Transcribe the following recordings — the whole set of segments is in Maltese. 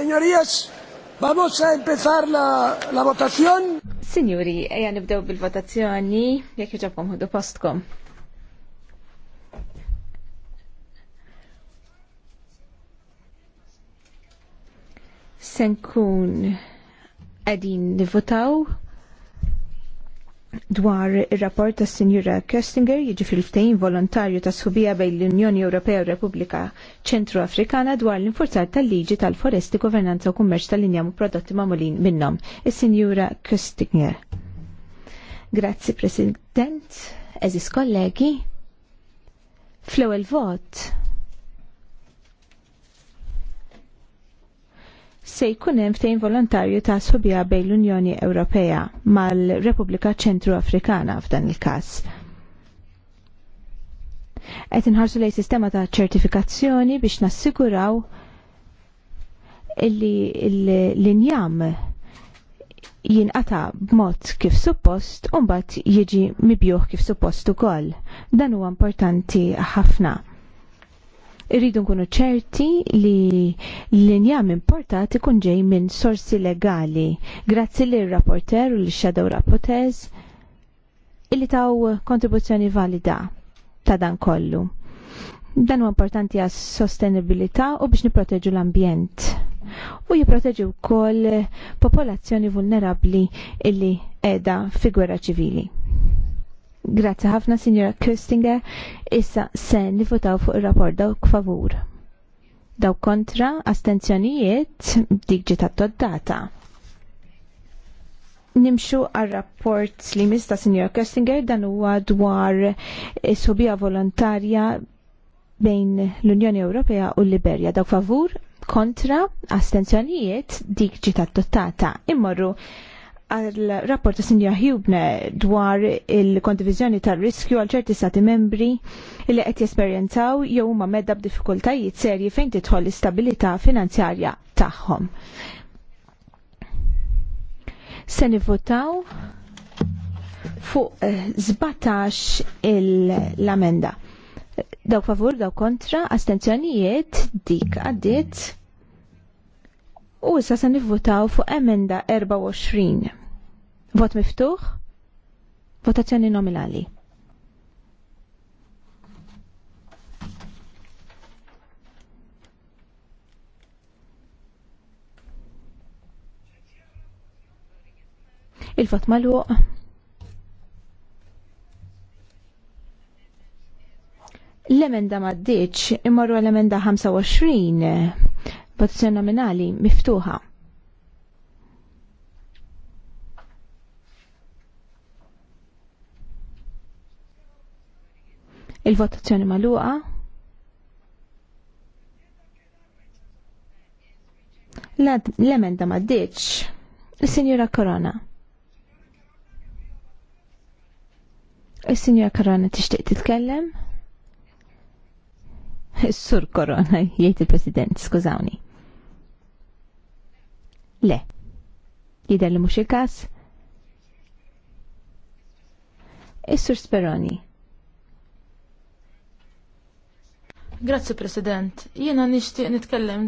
Señorías, vamos a empezar la, la votación. Signori, eja nibdew bil-votazzjoni, jekk iġabkom ħodu postkom. Senkun għedin nivotaw dwar ir-rapport tas Sinjura Köstinger jiġi fil-ftejn volontarju ta' subija bejn l-Unjoni Ewropea u Repubblika Ċentru Afrikana dwar l-infurzar tal-liġi tal-foresti governanza u kummerċ tal-linja u prodotti mamulin minnhom. Is-Sinjura Köstinger. Grazzi President, eżis kollegi. Flow il-vot se jkun hemm ftehim volontarju ta' subja bejn l-Unjoni Ewropea mal-Repubblika Ċentru Afrikana f'dan il-każ. Qed inħarsu lejn sistema ta' ċertifikazzjoni biex nassiguraw illi l-injam jinqata b'mod kif suppost u mbagħad jiġi mibjuħ kif suppost ukoll. Dan huwa importanti ħafna Irridu nkunu ċerti li l-injam importat ikun ġej minn sorsi legali. Grazzi li rapporter u li xadaw rapportez illi taw kontribuzzjoni valida ta' dan kollu. Dan huwa importanti għas sostenibilità u biex niproteġu l-ambjent u jiproteġu wkoll popolazzjoni vulnerabli illi edha fi gwerra ċivili. Grazzi ħafna, Signora Köstinger. Issa sen li votaw fuq il-rapport dawk favur. Dawk kontra, astenzjonijiet, dik ta' toddata. Nimxu għal rapport li mista Signora Köstinger dan huwa dwar subija volontarja bejn l-Unjoni Ewropea u l-Liberja. Daw favur, kontra, astenzjonijiet, dik ta' toddata. Immorru għal-rapport ta' Sinja Hubne dwar il-kondivizjoni tal-riskju għal ċerti stati membri li qed jesperjenzaw jew huma medda b'diffikultajiet serji fejn tidħol l-istabilità finanzjarja tagħhom. Se nivvotaw fuq 17 eh, l-amenda. Daw favur, daw kontra, astenzjonijiet, dik għaddit. U sa' se nivvotaw fuq emenda 24. Vot miftuħ. Votazzjoni nominali. Il-vot maluq. L-emenda maddiċ imorru l-emenda 25 votazzjoni nominali miftuħa. Il-votazzjoni maluqa. L-emenda ma ditx. Il-Sinjura Korona. Il-Sinjura Korona tixtieq titkellem? Is-Sur Korona jgħid il-President, skużawni. Le. Jidher li mhux il-każ? Is-Sur Speroni. Grazzi President. Jiena nixtieq nitkellem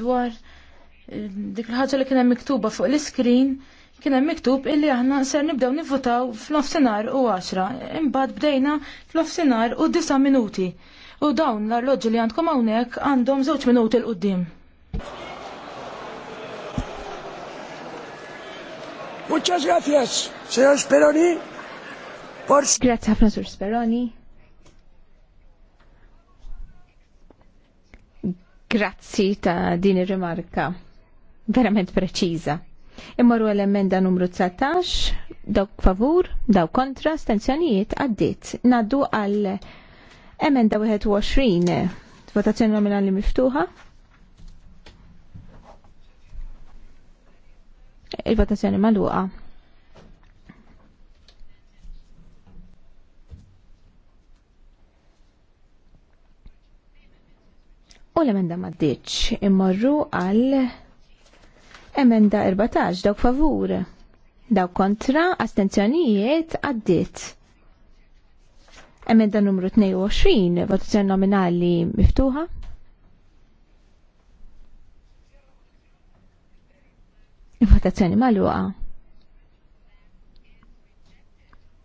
dwar eh, dik il-ħaġa li kien hemm miktuba fuq l-iskrin kien hemm miktub illi aħna ser nibdew nivvotaw f'nofsinhar u 10. Imbagħad bdejna f'nofsinhar u 9 minuti. U dawn l-arloġġi li għandkom hawnhekk għandhom żewġ minuti l qudiem Muchas gracias, señor Speroni. Por... Grazie, Sur Speroni. Grazzi ta' din ir-rimarka verament preċiża. Immorru l-emenda numru 13, dawk favur, dawk kontra, stenzjonijiet għaddit. Naddu għal emenda 21, votazzjoni nominali miftuħa. Il-votazzjoni maluqa. U l-emenda maddiċ immorru għal emenda 14 dawk favur. Dawk kontra astenzjonijiet għaddit. Emenda numru 22 votazzjoni nominali miftuħa. votazzjoni maluqa.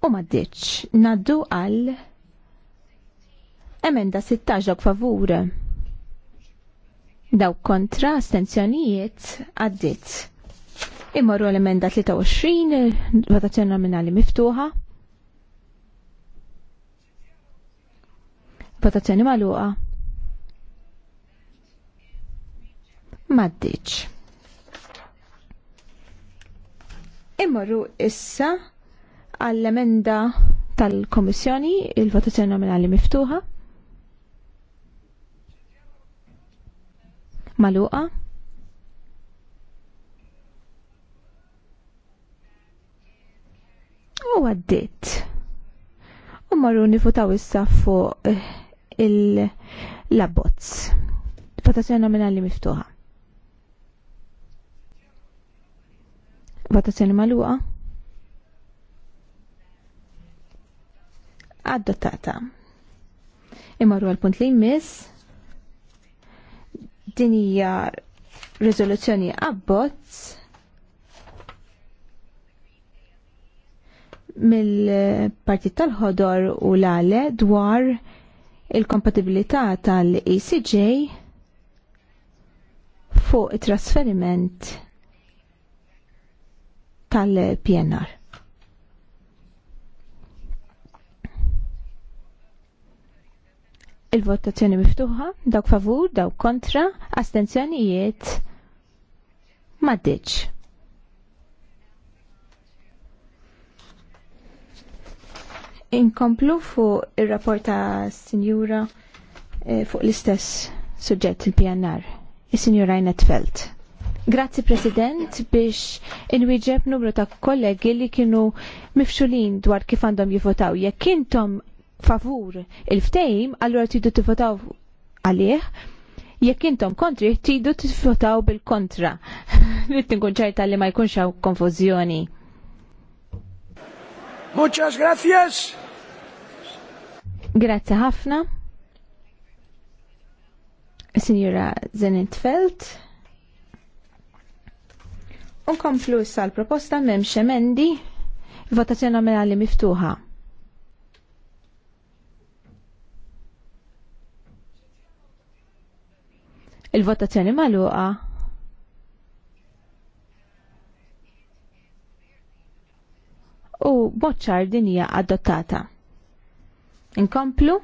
U maddiċ, naddu għal emenda 16 dok favur daw kontra stenzjonijiet għaddit. Imorru l-emenda 23, votazzjoni nominali miftuħa. Votazzjoni maluqa. Maddiċ. Imorru issa għall-emenda tal-Komissjoni, il-votazzjoni nominali miftuħa. maluqa. U għaddit. U marru nifutaw issa fuq eh, il-labbozz. Votazzjoni nominali miftuħa. Votazzjoni maluqa. Adottata. Ad Imorru għal-punt li jmiss. Din hija riżoluzzjoni abbozz mill-Partit tal-ħodor u l-għale dwar il-kompatibilità tal-ECJ fuq it trasferiment tal-PNR. Il-votazzjoni miftuħa, dawk favur, dawk kontra, astenzjonijiet maddiċ. Inkomplu fuq ir-rapport ta' Sinjura eh, fuq l-istess suġġett il-PNR, is-Sinjura Inetfeld. Grazzi President biex inwieġeb numru ta' kollegi li kienu mifxulin dwar kif għandhom jivotaw. Jekk intom favur il-ftejm, allura tridu tivvotaw għalih, jekk intom kontri tridu tivvotaw bil-kontra. Rrid nkun ċerta li ma jkunx hawn konfużjoni. Muchas gracias. Grazie ħafna. Signora Zenitfeld. Unkomplu issa l-proposta m'hemm xemendi votazzjoni nominali miftuħa. Il-votazzjoni maluqa. U boċċar din hija adottata. Inkomplu.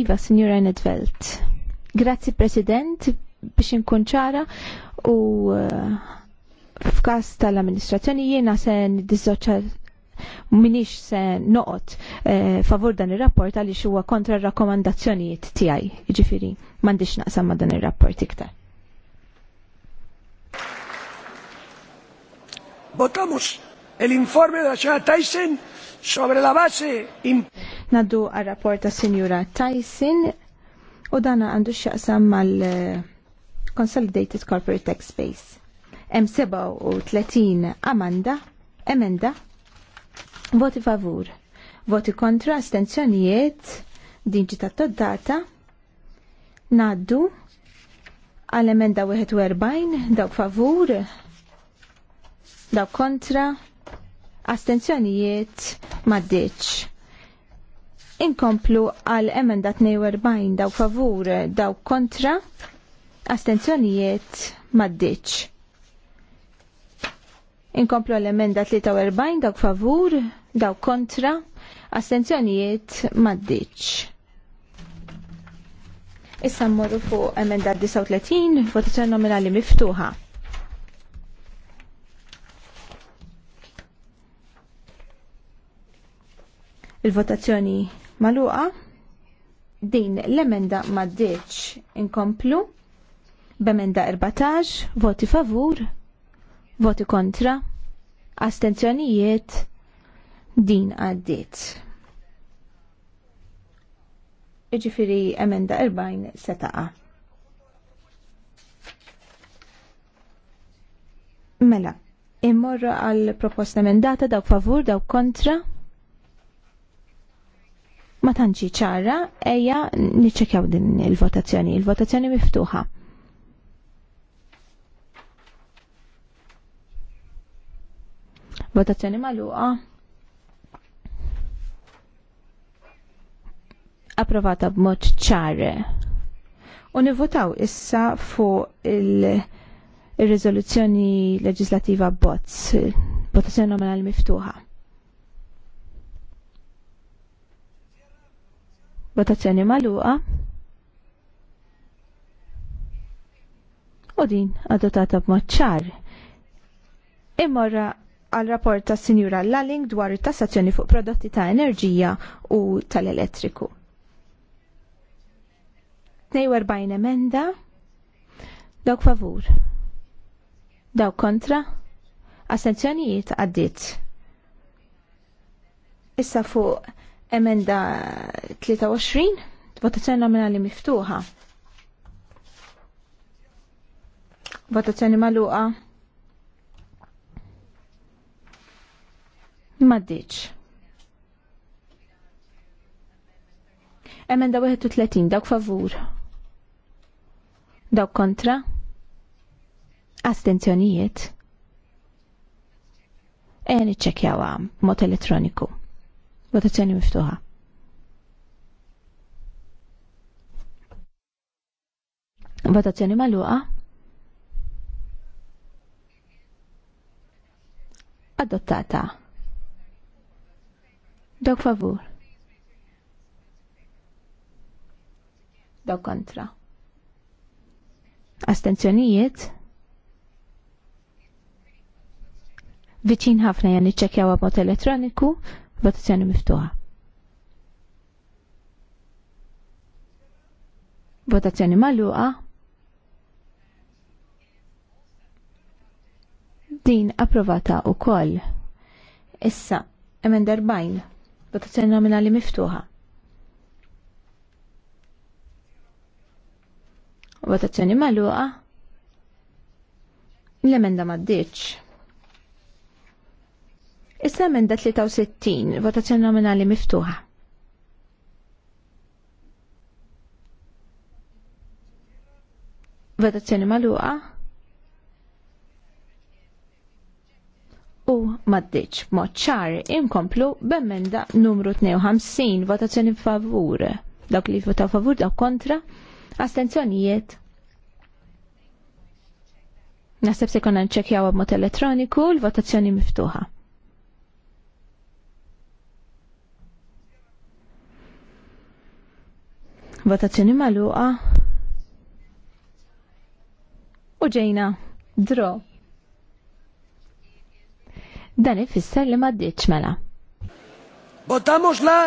Iva, Signora Nedvelt. Grazzi, President, biex nkun ċara u eh, f'każ tal-amministrazzjoni jiena se niddiżoċċa minix se noqot eh, favur dan il-rapport għaliex huwa kontra r-rakkomandazzjonijiet tiegħi. Jiġifieri m'għandix naqsam ma' dan ir-rapport iktar. Votamos l informe da xena Tyson sobre la base. Naddu għal-rapport ta' Sinjura Tyson u dana għandu x'jaqsam mal-Consolidated eh, Corporate Tax Base. M37 amanda, emenda Voti favur. Voti kontra, astenzjonijiet, din ġita toddata. Naddu għal emenda 41, dawk favur, dawk kontra, astenzjonijiet maddiċ. Inkomplu għal emenda 42, dawk favur, dawk kontra, astenzjonijiet maddiċ. Inkomplu għal emenda 43, dawk favur, daw kontra, astenzjonijiet maddiċ. Issa mmorru fuq emenda 39, votazzjoni nominali miftuħa. Il-votazzjoni maluqa. Din l-emenda maddiċ inkomplu b'emenda 14, voti favur, voti kontra, astenzjonijiet din għaddit. Iġifiri emenda 40 setaqa. Mela, immorra għal proposta emendata dawk favur, dawk kontra. Ma tanċi ċara, eja niċċekjaw din il-votazzjoni. Il-votazzjoni miftuħa. Votazzjoni maluqa. approvata b'mod ċar. U nivvotaw issa fuq il-riżoluzzjoni leġislativa BOTS, votazzjoni nominali miftuħa. Votazzjoni maluqa. U din adottata b'mod ċar. Imorra għal rapport ta' Sinjura Lalling dwar it-tassazzjoni fuq prodotti ta' enerġija u tal-elettriku. 42 emenda. Dawk favur. Dawk kontra. Assenzjonijiet għaddit. Issa fuq emenda 23, votazzjoni nominali miftuħa. Votazzjoni maluqa. Maddiċ. Emenda 31, dawk favur. Dawk kontra? Astenzjonijiet? E niċċekjawa mod elettroniku. Votazzjoni miftuħa. Votazzjoni magħluqa? Adottata. Dok favur. Dawk kontra astenzjonijiet viċin ħafna jan iċċekjaw mod elettroniku votazzjoni miftuħa. Votazzjoni magħluqa. Din approvata u koll. Issa, emendar bajn, votazzjoni nominali miftuħa. Votazzjoni maluqa. L-emenda maddiċ. Issa emenda 63, votazzjoni nominali miftuħa. Votazzjoni maluqa. u maddiċ mod ċar inkomplu b'emenda numru 52 votazzjoni favur. Dawk li votaw favur, dawk kontra, Astenzjonijiet. Nasib se konna nċekjaw mod elettroniku l-votazzjoni miftuħa. Votazzjoni maluqa. U ġejna dro. Dan ifisser li ma ddiċ mela. Votamos la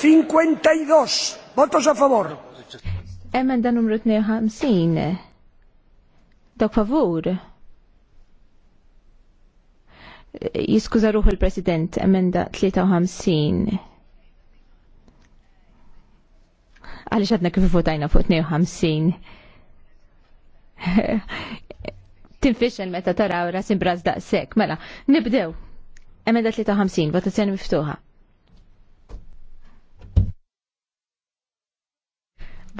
52. Votos a favor. Emenda numru 52. Dak favur. Jiskuza ruħu l-President, emenda 53. Għalix għadna kif votajna fuq 52. Tinfixen meta taraw rasim brazda sek. Mela, nibdew. Emenda 53, votazzjoni miftuħa.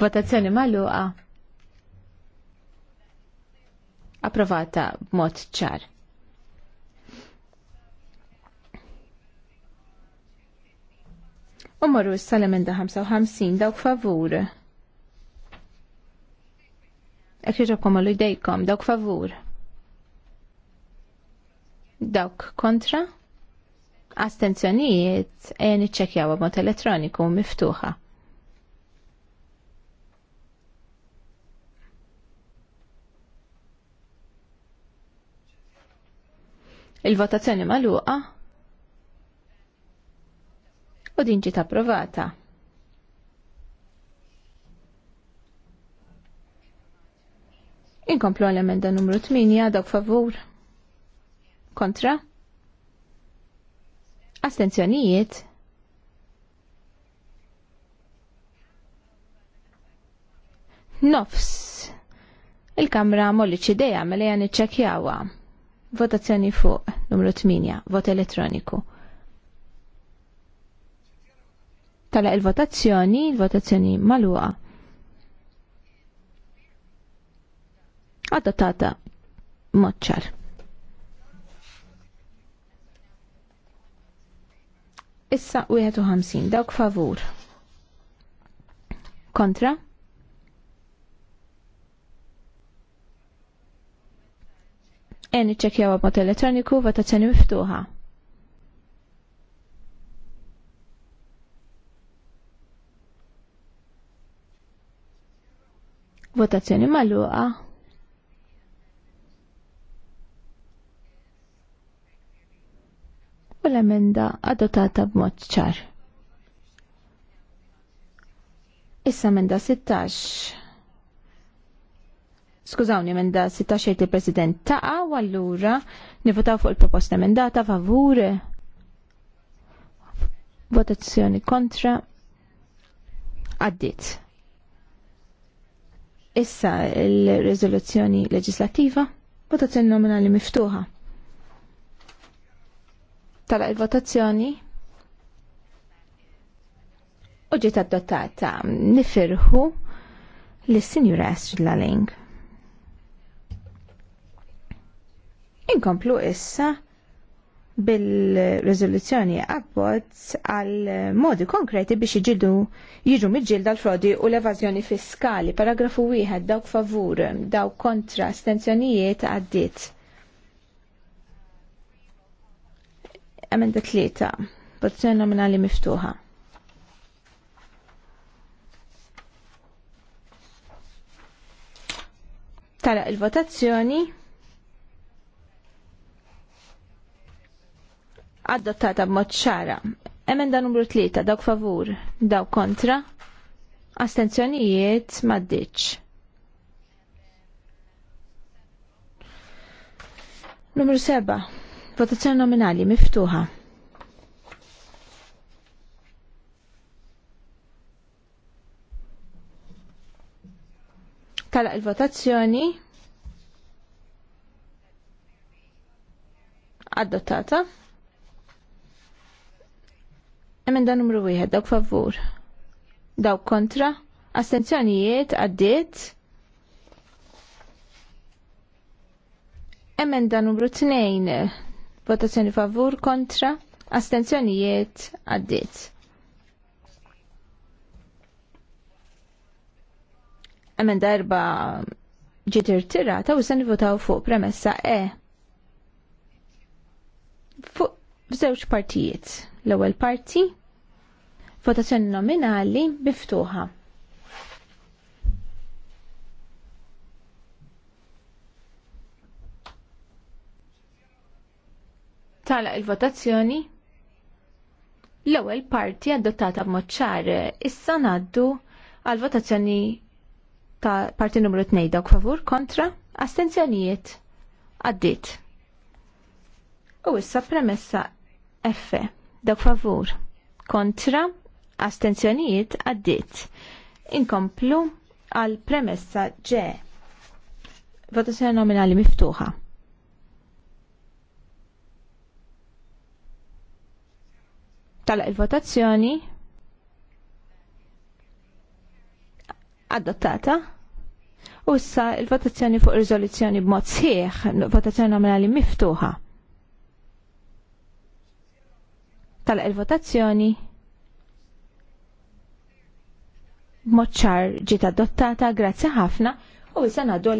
Votazzjoni magħluqa. Approvata b'mod ċar. Umorru s-salemenda 55 dawk favur. koma għallu jdejkom dawk favur. Dawk kontra. Astenzjonijiet e ċekjawa b'mod elettroniku miftuħa. Il-votazzjoni magħluqa u din ġiet approvata. Inkomplu għal-emenda numru 8, dawk favur. Kontra? Astenzjonijiet? Nofs. Il-kamra molli ċideja, mele jan iċċekjawa. Votazzjoni fuq numru 8, vot elettroniku. Tala il-votazzjoni, il-votazzjoni maluqa. Adottata moċċar. Issa 51, dawk favur. Kontra? en iċċekjaw b'mod elettroniku votazzjoni miftuħa. Votazzjoni magħluqa. U l-emenda adottata b'mod ċar. Issa emenda 16. Skużawni minn da 16 li president taqa u allura nivotaw fuq il-proposta emendata favur votazzjoni kontra Addit. Issa il-rezoluzzjoni leġislativa votazzjoni nominali miftuħa. Tala il-votazzjoni Uġiet adottata nifirħu l-Sinjura Astrid Laling. Inkomplu issa bil-rezoluzzjoni abbozz għal modi konkreti biex jiġidu jiġu miġġilda l-frodi u l-evażjoni fiskali. Paragrafu wieħed dawk favur, dawk kontra, stenzjonijiet għaddiet. Emenda tlieta, votazzjoni nominali miftuħa. Tara il-votazzjoni adottata b'mod ċara. Emenda numru 3, dawk favur, dawk kontra, astenzjonijiet maddiċ. Numru 7, votazzjoni nominali miftuħa. Tala il-votazzjoni adottata. Emenda numru wieħed, dawk favur. Dawk kontra. Astenzjonijiet għaddiet. Emenda numru tnejn, votazzjoni favur kontra. Astenzjonijiet għaddiet. Emenda erba ġitir tirata u se nivotaw fuq premessa E. Fuq b'żewġ partijiet. L-ewwel parti votazzjoni nominali biftuħa. Tala il-votazzjoni l-ewwel parti adottata b'mod ċar issa ngħaddu għal votazzjoni ta' parti numru 2 dawk favur kontra astenzjonijiet għaddiet. U issa premessa F. Dak favur. Kontra. Astenzjonijiet għaddit. Inkomplu għal premessa G. Votazzjoni nominali miftuħa. Tala il-votazzjoni. Adottata. U issa il-votazzjoni fuq il-rizoluzzjoni b'mod sħiħ, votazzjoni nominali miftuħa. tal-votazzjoni b'mod ċar ġiet adottata, grazzi ħafna u issa ngħaddu